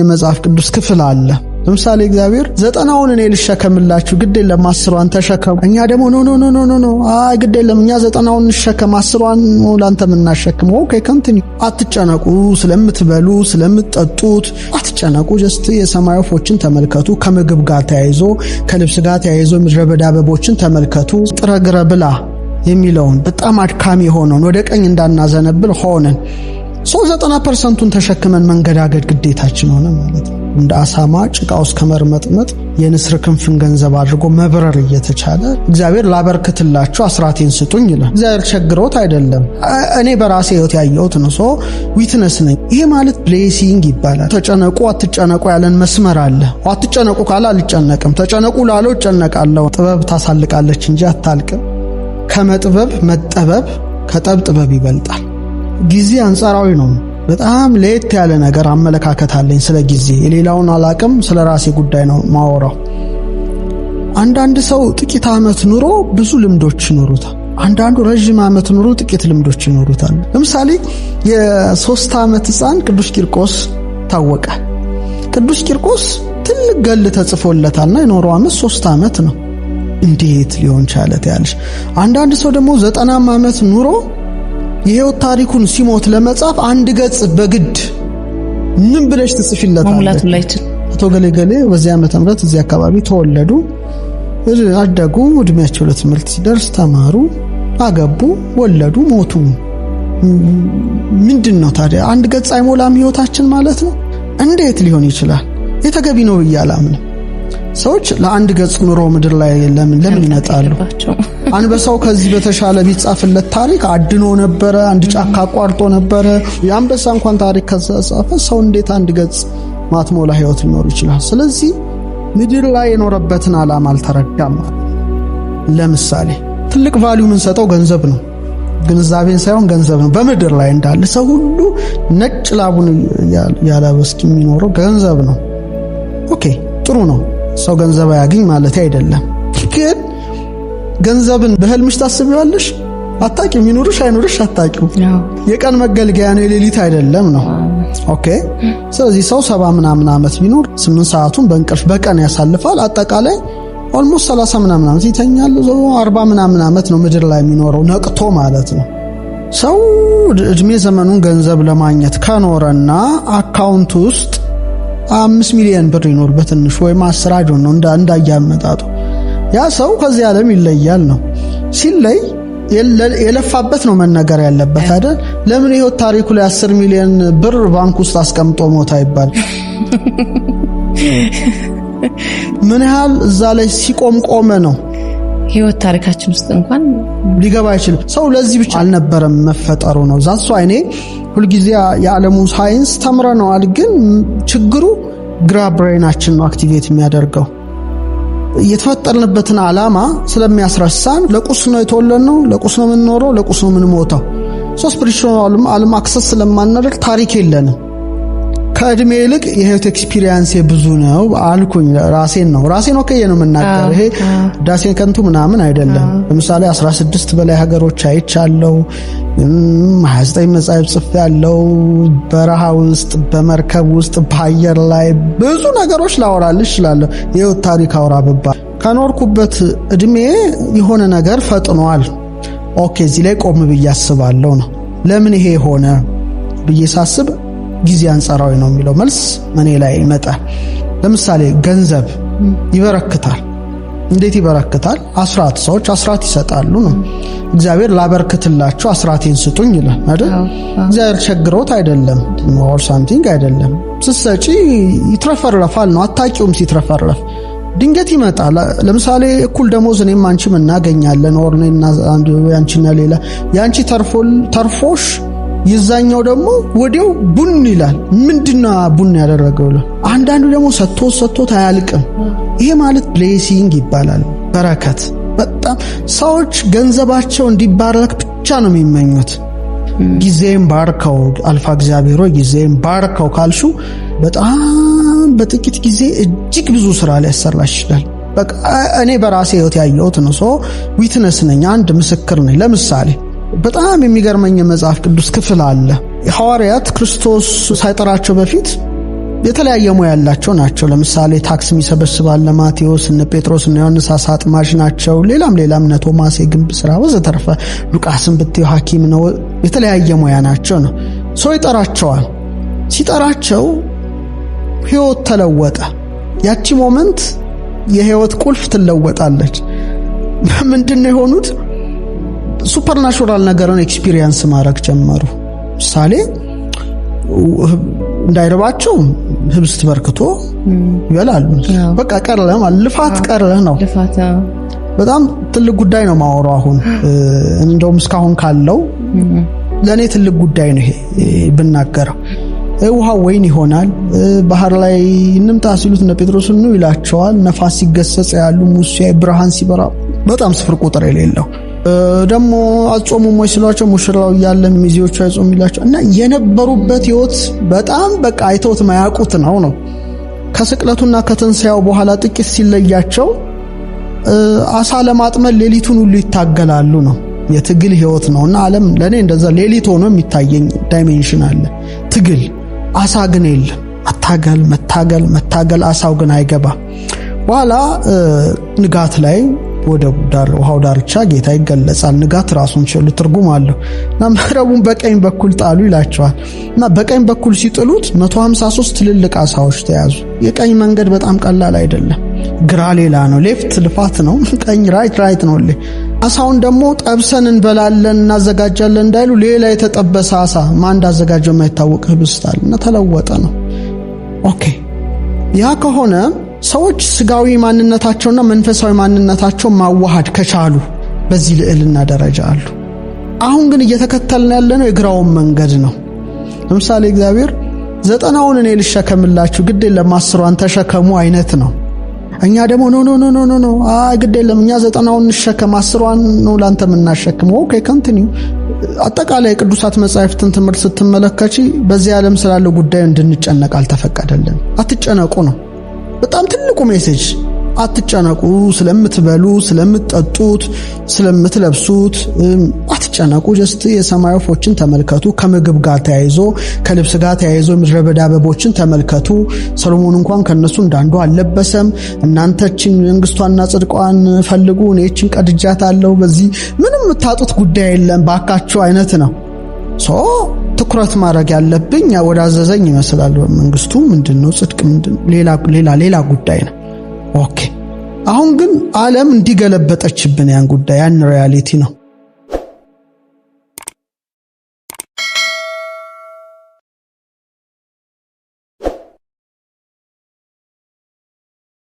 የመጽሐፍ ቅዱስ ክፍል አለ። ለምሳሌ እግዚአብሔር ዘጠናውን እኔ ልሸከምላችሁ ግድ የለም አስሯን ተሸከሙ። እኛ ደግሞ ኖ ኖ ኖ ኖ ኖ አይ ግድ የለም እኛ ዘጠናውን እንሸከም አስሯን ላንተ የምናሸክም። ኦኬ ከምትኝ አትጨነቁ፣ ስለምትበሉ ስለምትጠጡት አትጨነቁ። ጀስት የሰማይ ወፎችን ተመልከቱ። ከምግብ ጋር ተያይዞ ከልብስ ጋር ተያይዞ ምድረ በዳ አበቦችን ተመልከቱ። ጥረግረ ብላ የሚለውን በጣም አድካሚ ሆነውን ወደ ቀኝ እንዳናዘነብል ሆነን ሰው ዘጠና ፐርሰንቱን ተሸክመን መንገዳገድ ግዴታችን ሆነ ማለት ነው። እንደ አሳማ ጭቃ ውስጥ ከመርመጥመጥ የንስር ክንፍን ገንዘብ አድርጎ መብረር እየተቻለ እግዚአብሔር ላበርክትላችሁ አስራቴን ስጡኝ ይላል። እግዚአብሔር ቸግሮት አይደለም፣ እኔ በራሴ ህይወት ያየሁት ንሶ ዊትነስ ነኝ። ይሄ ማለት ብሌሲንግ ይባላል። ተጨነቁ አትጨነቁ ያለን መስመር አለ። አትጨነቁ ካለ አልጨነቅም፣ ተጨነቁ ላለው እጨነቃለሁ። ጥበብ ታሳልቃለች እንጂ አታልቅም። ከመጥበብ መጠበብ ከጠብ ጥበብ ይበልጣል። ጊዜ አንጻራዊ ነው። በጣም ለየት ያለ ነገር አመለካከት አለኝ ስለ ጊዜ። የሌላውን አላቅም፣ ስለ ራሴ ጉዳይ ነው ማወራው። አንዳንድ ሰው ጥቂት ዓመት ኑሮ ብዙ ልምዶች ይኖሩታል። አንዳንዱ ረዥም ዓመት ኑሮ ጥቂት ልምዶች ይኖሩታል። ለምሳሌ የሶስት ዓመት ህፃን ቅዱስ ቂርቆስ ታወቀ። ቅዱስ ቂርቆስ ትልቅ ገል ተጽፎለታልና የኖረው ዓመት ሶስት ዓመት ነው። እንዴት ሊሆን ቻለት ያለሽ። አንዳንድ ሰው ደግሞ ዘጠናም ዓመት ኑሮ የህይወት ታሪኩን ሲሞት ለመጻፍ አንድ ገጽ በግድ ምን ብለሽ ትጽፊለታለሽ? አቶ ገሌ ገሌ በዚህ ዓመተ ምህረት እዚህ አካባቢ ተወለዱ፣ አደጉ፣ እድሜያቸው ለትምህርት ሲደርስ ተማሩ፣ አገቡ፣ ወለዱ፣ ሞቱ። ምንድን ነው ታዲያ አንድ ገጽ አይሞላም ህይወታችን ማለት ነው? እንዴት ሊሆን ይችላል? የተገቢ ነው ብዬ አላምንም። ሰዎች ለአንድ ገጽ ኑሮ ምድር ላይ ለምን ለምን ይመጣሉ? አንበሳው ከዚህ በተሻለ ቢጻፍለት ታሪክ አድኖ ነበረ፣ አንድ ጫካ አቋርጦ ነበረ። የአንበሳ እንኳን ታሪክ ከተጻፈ ሰው እንዴት አንድ ገጽ ማትሞላ ህይወት ሊኖር ይችላል? ስለዚህ ምድር ላይ የኖረበትን ዓላማ አልተረዳም። ለምሳሌ ትልቅ ቫሊዩ የምንሰጠው ገንዘብ ነው፣ ግንዛቤን ሳይሆን ገንዘብ ነው። በምድር ላይ እንዳለ ሰው ሁሉ ነጭ ላቡን ያለበስኪ የሚኖረው ገንዘብ ነው። ኦኬ ጥሩ ነው። ሰው ገንዘብ አያገኝ ማለት አይደለም። ግን ገንዘብን በህልምሽ ታስቢዋለሽ? አታቂም። ይኑርሽ አይኑርሽ አታቂው። የቀን መገልገያ ነው፣ የሌሊት አይደለም ነው። ኦኬ። ስለዚህ ሰው ሰባ ምናምን ዓመት ቢኖር ስምንት ሰዓቱን በእንቅልፍ በቀን ያሳልፋል። አጠቃላይ ኦልሞስት ሰላሳ ምናምን ዓመት ይተኛል። አርባ ምናምን ዓመት ነው ምድር ላይ የሚኖረው ነቅቶ ማለት ነው። ሰው እድሜ ዘመኑን ገንዘብ ለማግኘት ከኖረና አካውንት ውስጥ አምስት ሚሊዮን ብር ይኖር በትንሹ ወይም አስር አጆን ነው እንዳያመጣጡ ያ ሰው ከዚህ ዓለም ይለያል ነው ሲለይ የለፋበት ነው መነገር ያለበት አይደል? ለምን ህይወት ታሪኩ ላይ አስር ሚሊዮን ብር ባንክ ውስጥ አስቀምጦ ሞታ ይባል? ምን ያህል እዛ ላይ ሲቆም ቆመ ነው ህይወት ታሪካችን ውስጥ እንኳን ሊገባ አይችልም። ሰው ለዚህ ብቻ አልነበረም መፈጠሩ ነው ዛሱ አይኔ ሁልጊዜ የዓለሙ ሳይንስ ተምረነዋል፣ ግን ችግሩ ግራ ብሬናችን ነው አክቲቬት የሚያደርገው የተፈጠርንበትን ዓላማ ስለሚያስረሳን ለቁስ ነው ነው፣ ለቁስ ነው የምንኖረው፣ ለቁስ ነው የምንሞተው። ሶ ስፒሪቹዋልም ዓለም አክሰስ ስለማናደርግ ታሪክ የለንም። ከእድሜ ይልቅ የህይወት ኤክስፒሪየንስ ብዙ ነው አልኩኝ። ራሴን ነው ራሴን ኦኬ ነው የምናገር። ይሄ ዳሴን ከንቱ ምናምን አይደለም። ለምሳሌ 16 በላይ ሀገሮች አይቻለው፣ 29 መጽሐፍ ጽፍ ያለው፣ በረሃ ውስጥ፣ በመርከብ ውስጥ፣ በአየር ላይ ብዙ ነገሮች ላወራልሽ እችላለሁ። የህይወት ታሪክ አውራ ብባል ከኖርኩበት እድሜ የሆነ ነገር ፈጥኗል። ኦኬ እዚህ ላይ ቆም ብዬ አስባለሁ ነው ለምን ይሄ ሆነ ብዬ ሳስብ ጊዜ አንጻራዊ ነው የሚለው መልስ እኔ ላይ ይመጣል። ለምሳሌ ገንዘብ ይበረክታል። እንዴት ይበረክታል? አስራት ሰዎች አስራት ይሰጣሉ ነው። እግዚአብሔር ላበርክትላቸው አስራቴን ስጡኝ ይላል አይደል? እግዚአብሔር ቸግሮት አይደለም፣ ኦር ሳምቲንግ አይደለም። ስትሰጪ ይትረፈረፋል ነው፣ አታቂውም ሲትረፈረፍ ድንገት ይመጣል። ለምሳሌ እኩል ደሞዝ እኔም አንቺም እናገኛለን፣ ኦር ሌላ የአንቺ ተርፎሽ የዛኛው ደግሞ ወዲያው ቡን ይላል። ምንድና ቡን ያደረገው? አንዳንዱ ደግሞ ሰጥቶት ሰጥቶት አያልቅም። ይሄ ማለት ብሌሲንግ ይባላል፣ በረከት። በጣም ሰዎች ገንዘባቸው እንዲባረክ ብቻ ነው የሚመኙት። ጊዜም ባርከው አልፋ እግዚአብሔር ጊዜም ባርከው ካልሹ በጣም በጥቂት ጊዜ እጅግ ብዙ ስራ ሊያሰራ ይችላል። እኔ በራሴ ህይወት ያየሁት ነው። ዊትነስ ነኝ፣ አንድ ምስክር ነኝ። ለምሳሌ በጣም የሚገርመኝ የመጽሐፍ ቅዱስ ክፍል አለ። ሐዋርያት ክርስቶስ ሳይጠራቸው በፊት የተለያየ ሙያ ያላቸው ናቸው። ለምሳሌ ታክስ የሚሰበስባለ ማቴዎስ፣ እነ ጴጥሮስ፣ እነ ዮሐንስ አሳ አጥማጅ ናቸው። ሌላም ሌላም እነ ቶማስ የግንብ ስራ ወዘተርፈ፣ ሉቃስን ብትዩ ሐኪም ነው። የተለያየ ሙያ ናቸው ነው። ሰው ይጠራቸዋል። ሲጠራቸው ህይወት ተለወጠ። ያቺ ሞመንት የህይወት ቁልፍ ትለወጣለች። ምንድን ነው የሆኑት? ሱፐርናቹራል ነገርን ኤክስፒሪየንስ ማድረግ ጀመሩ። ምሳሌ እንዳይረባቸው ህብስት በርክቶ ይበላሉ። በቃ ቀረ ልፋት ቀረ ነው። በጣም ትልቅ ጉዳይ ነው ማወሩ። አሁን እንደውም እስካሁን ካለው ለእኔ ትልቅ ጉዳይ ነው ይሄ ብናገረው። ውሃ ወይን ይሆናል። ባህር ላይ እንምጣ ሲሉት እነ ጴጥሮስ ኑ ይላቸዋል። ነፋስ ሲገሰጽ ያሉ ሙሴ ብርሃን ሲበራ በጣም ስፍር ቁጥር የሌለው ደግሞ አጾሙም ወይ ስሏቸው ሙሽራው እያለ ሚዜዎቹ አይጾም ይላቸው እና የነበሩበት ህይወት በጣም በቃ አይተውት ማያውቁት ነው ነው ከስቅለቱና ከትንሣኤው በኋላ ጥቂት ሲለያቸው አሳ ለማጥመድ ሌሊቱን ሁሉ ይታገላሉ ነው የትግል ህይወት ነው እና ዓለም ለእኔ እንደዛ ሌሊት ሆኖ የሚታየኝ ዳይሜንሽን አለ። ትግል አሳ ግን የለም። መታገል መታገል መታገል፣ አሳው ግን አይገባ። በኋላ ንጋት ላይ ወደቡ ዳር ውሃው ዳርቻ ጌታ ይገለጻል። ንጋት ራሱን ችሎ ትርጉም አለው እና መረቡን በቀኝ በኩል ጣሉ ይላቸዋል እና በቀኝ በኩል ሲጥሉት 153 ትልልቅ አሳዎች ተያዙ። የቀኝ መንገድ በጣም ቀላል አይደለም። ግራ ሌላ ነው፣ ሌፍት ልፋት ነው፣ ቀኝ ራይት ራይት ነው። አሳውን ደግሞ ጠብሰን እንበላለን እናዘጋጃለን እንዳይሉ ሌላ የተጠበሰ አሳ ማን እንዳዘጋጀው የማይታወቅ ህብስታል እና ተለወጠ ነው። ኦኬ ያ ከሆነ ሰዎች ስጋዊ ማንነታቸውና መንፈሳዊ ማንነታቸውን ማዋሃድ ከቻሉ በዚህ ልዕልና ደረጃ አሉ። አሁን ግን እየተከተልን ያለነው የግራውን መንገድ ነው። ለምሳሌ እግዚአብሔር ዘጠናውን እኔ ልሸከምላችሁ ግድ የለም አስሯን ተሸከሙ አይነት ነው። እኛ ደግሞ ኖ ኖ ኖ ኖ ኖ ግድ የለም እኛ ዘጠናውን እንሸከም አስሯን ነው ለአንተ የምናሸክም። ኦኬ ከንቲኒው አጠቃላይ ቅዱሳት መጻሕፍትን ትምህርት ስትመለከች በዚህ ዓለም ስላለው ጉዳዩ እንድንጨነቅ አልተፈቀደልን። አትጨነቁ ነው በጣም ትልቁ ሜሴጅ አትጨነቁ። ስለምትበሉ፣ ስለምትጠጡት፣ ስለምትለብሱት አትጨነቁ። ጀስት የሰማይ ወፎችን ተመልከቱ። ከምግብ ጋር ተያይዞ ከልብስ ጋር ተያይዞ ምድረ በዳ አበቦችን ተመልከቱ። ሰሎሞን እንኳን ከነሱ እንዳንዱ አልለበሰም። እናንተችን መንግስቷና ጽድቋን ፈልጉ፣ እኔችን ቀድጃት አለው። በዚህ ምንም የምታጡት ጉዳይ የለም ባካችሁ አይነት ነው። ትኩረት ማድረግ ያለብኝ ወደ አዘዘኝ ይመስላል። መንግስቱ ምንድን ነው ጽድቅ ሌላ ሌላ ጉዳይ ነው። ኦኬ አሁን ግን ዓለም እንዲገለበጠችብን ያን ጉዳይ ያን ሪያሊቲ ነው።